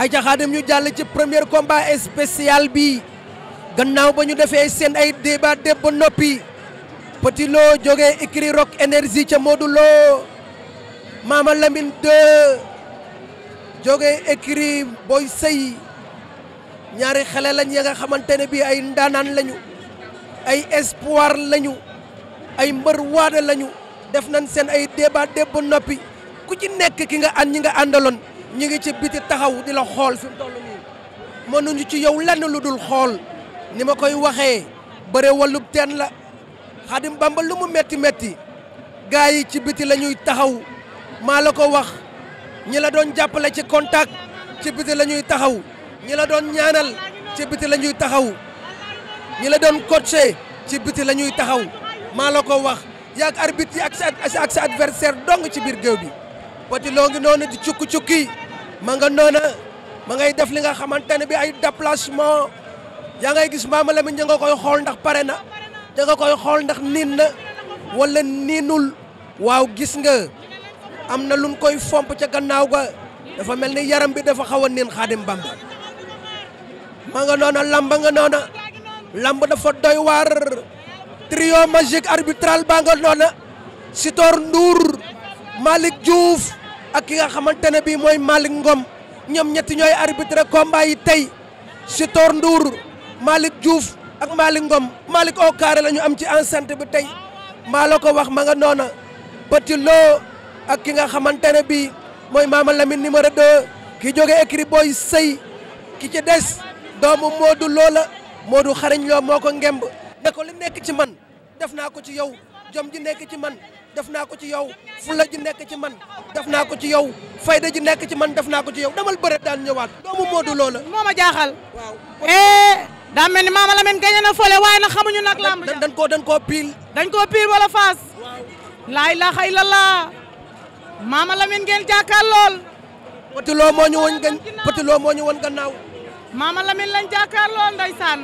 ay jaxaadim ñu jàll ci premier combat spécial bi gannaaw ba ñu defee seen ay débat déb ba noppi Petit Lo jógee écrit Rock Énergie ca Modou Lo Mama Lamine 2 jógee écrit Boy Sey ñaari xale lañ ya nga xamante ne bii ay ndaanaan lañu ay espoir lañu ay mbër waada lañu def nañ seen ay débat déb ba noppi ku ci nekk ki nga an ñi nga àndaloon ñu ngi ci biti taxaw di la xool fi mu toll mënuñu ci yow lan lu dul xool ni ma koy waxee bëre wàllub teen la xadim bamba lu mu metti metti gars yi ci biti la ñuy taxaw maa la ko wax ñi la doon jàppale ci contact ci biti la ñuy taxaw ñi la doon ñaanal ci biti la ñuy taxaw ñi la doon coaché ci biti la ñuy taxaw maa la ko wax yaag arbitre yi ak sa ak sa adversaire dong ci biir géew bi Petit Lo ngi noonu di cukki-cukki ma nga noona ma ngay def li nga xamante ne bi ay déplacement yaa ngay gis Mama Lamine ña nga koy xool ndax pare na ña nga koy xool ndax niin na wala niinul waaw gis nga am na luñ koy fomp ca gannaaw ga dafa mel ni yaram bi dafa xaw a niin Xaadim Bamba ma nga noona lamba nga noona lamb dafa doy waar trio magique arbitral baa nga noona Sitor Ndour Malick Diouf ak ki nga xamante ne bii mooy Malick Ngom ñoom ñetti ñooy arbitre combat yi tey Sitor Ndour Malick Diouf ak Malick Ngom Malick au carré la ñu am ci enceinte bi tey maa la ko wax ma nga noona Petit Lo ak ki nga xamante ne bii mooy Mama Lamine numéro 2 ki jóge écrit booy sëy ki ci des doomu Modou Lo la Modou xarañ Lo moo ko ngemb ne ko nekk ci man def naa ko ci yow jom ji nekk ci man def naa ko ci yow fulla ji nekk ci man def naa ko ci yow fayda ji nekk ci man def naa ko ci yow damal bëre daan ñëwaat doomu moo Lo la moo ma jaaxal waaw eh, daa mel ni Mama Lamine gañe na fole waaye nag xamuñu nag dañ koo dañ koo piil dañ koo piil wala faas laa ilaaha illallah Mama Lamine ngeen jàkkaar lool Petit Lo moo ñu woon gan Petit Lo moo ñu woon gannaaw Mama Lamine lañ jàkkaar lool ndeysaan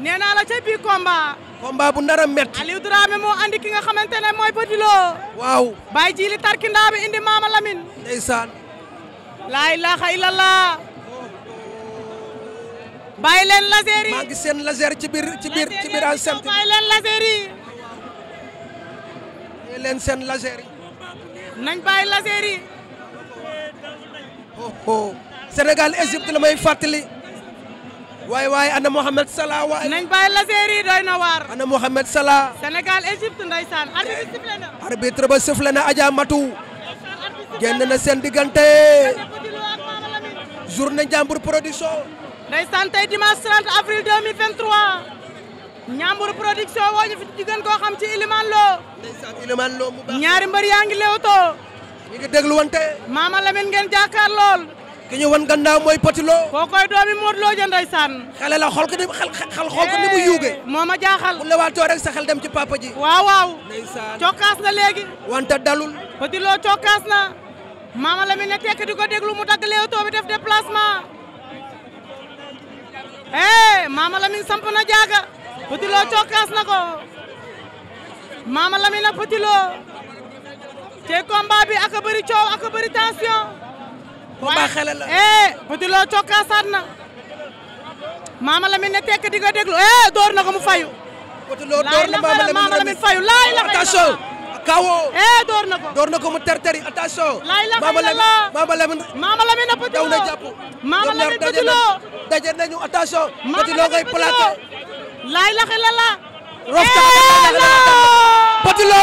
nee naa la ca biir combat combat bu ndara métti. Aliou moo andi nga xamante ne mooy Petit Lo. waaw. Baye Jili Tarkindaa bi indi Mama Lamine. ndeysaan. laa ilaaha illallah. bàyyi leen laser maa ngi seen laser ci biir ci biir ci biir enceinte bàyyi leen laser yi. bàyyi leen seen laser nañ bàyyi laser Sénégal Égypte la may fàttali. waaye waaye ana Mohamed Salah waay. nañ bàyyi laser doy na waar. ana Mohamed Salah. Sénégal Égypte ndeysaan arbitre ba sifflé na Adja Matou. na seen diggante. journée Ndiambour production. ndeysaan tey dimanche 30 avril 2023. production woo ñu fi di gën koo xam ci Ilimane Lo. ñaari mbër yaa ngi lewtoo. ñu ngi déglu wante. Mama ngeen jàkkaar lool. ki doomi Modou Lo ja ndeysaan xale la xol ko ni xal mu eh, yuuge moo ma jaaxal bu lewaatoo rek sa xel dem ci papa ji waaw waaw ndeysaan cokkaas na léegi wante dalul Petit Lo na maama la mi ne tekk di ko déglu mu dagg bi def déplacement eh maama Lamine na jaaga Petit Lo cokkaas bi ak bëri coow ak bëri tension combat xelal la eh Petit Lo cokkaasaat na Mama Lamine ne tekk eh, door na ko mu fayu. Petit Lo door na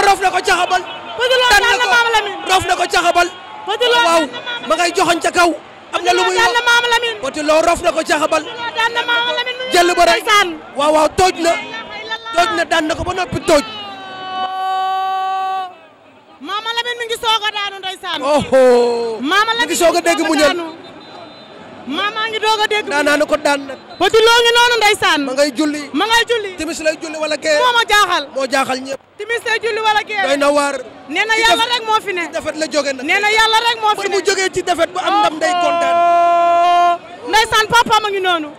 rof na ko caxabal Petit Potiloo waaw ma ngay joxoñ ca kaw. am na lu muy wax Potiloo rof na ko ca xabal. jël ba rek waaw waaw tooj na. tooj na daan na ko ba noppi tooj. Mama Lamine mi ngi soog a daanu ndeysaan. Mama Lamine mi ngi soog a dégg mu ñor. mama ngi doog a dégg. daanaanu ko daan nag. Potiloo ngi noonu ndeysaan. ma ngay julli timis lay julli wala gee. moo ma jaaxal moo jaaxal ñëpp. timis lay julli wala gee. nee na yàlla moo fi ne ci la jóge na yàlla rek moo fi ne ci defet bu am ndam day kontaan. ndeysaan papa ma ngi noonu.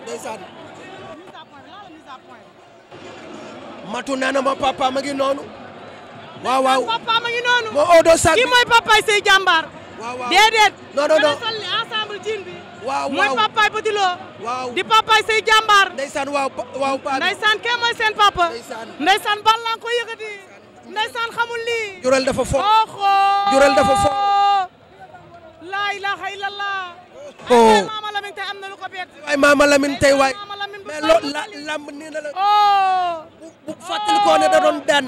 matu nee na ma papa ma ngi noonu. waaw kii mooy papaay say jàmbaar. waaw waaw déedéet. non non non sol di papaay say jàmbaar. ndeysaan waaw kee mooy seen papa. ndeysaan ndeysaan ban laa ko ndeysaan xamul lii jurel dafa fo fo laa ilaha illallah oh. waay maama Lamine tey am waay maama Lamine tey waay mais loolu la lamb nee na la oh. bu bu fàttali da doon daan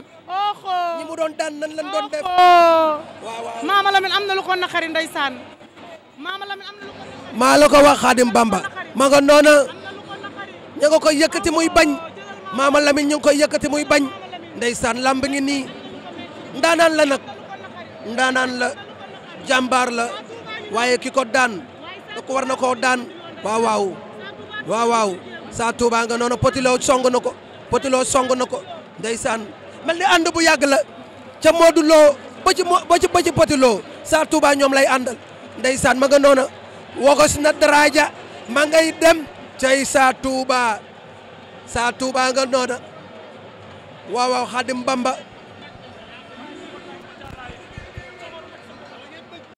ñi mu doon daan nan lan doon def waaw maama am na lu ko naqari ndeysaan maama Lamine am na lu ko maa la ko wax Xaadim Bamba ma nga koy yëkkati muy bañ maama Lamine ñu ngi koy yëkkati muy bañ ndeysaan làmb ngi nii ndaanaan la nag ndaanaan la jàmbaar la waaye ki ko daan da ko war na koo daan waaw waaw waaw waaw saa Touba nga noonu potiloo song na ko potiloo song na ko ndeysaan mel ni ànd bu yàgg la ca Modou Lo ba ci ba ci ba ci saa Touba ñoom lay àndal ndeysaan ma nga noona wogos na daraja ma ngay dem cay saa Touba saa Touba nga noona waaw waaw Xaadim Bamba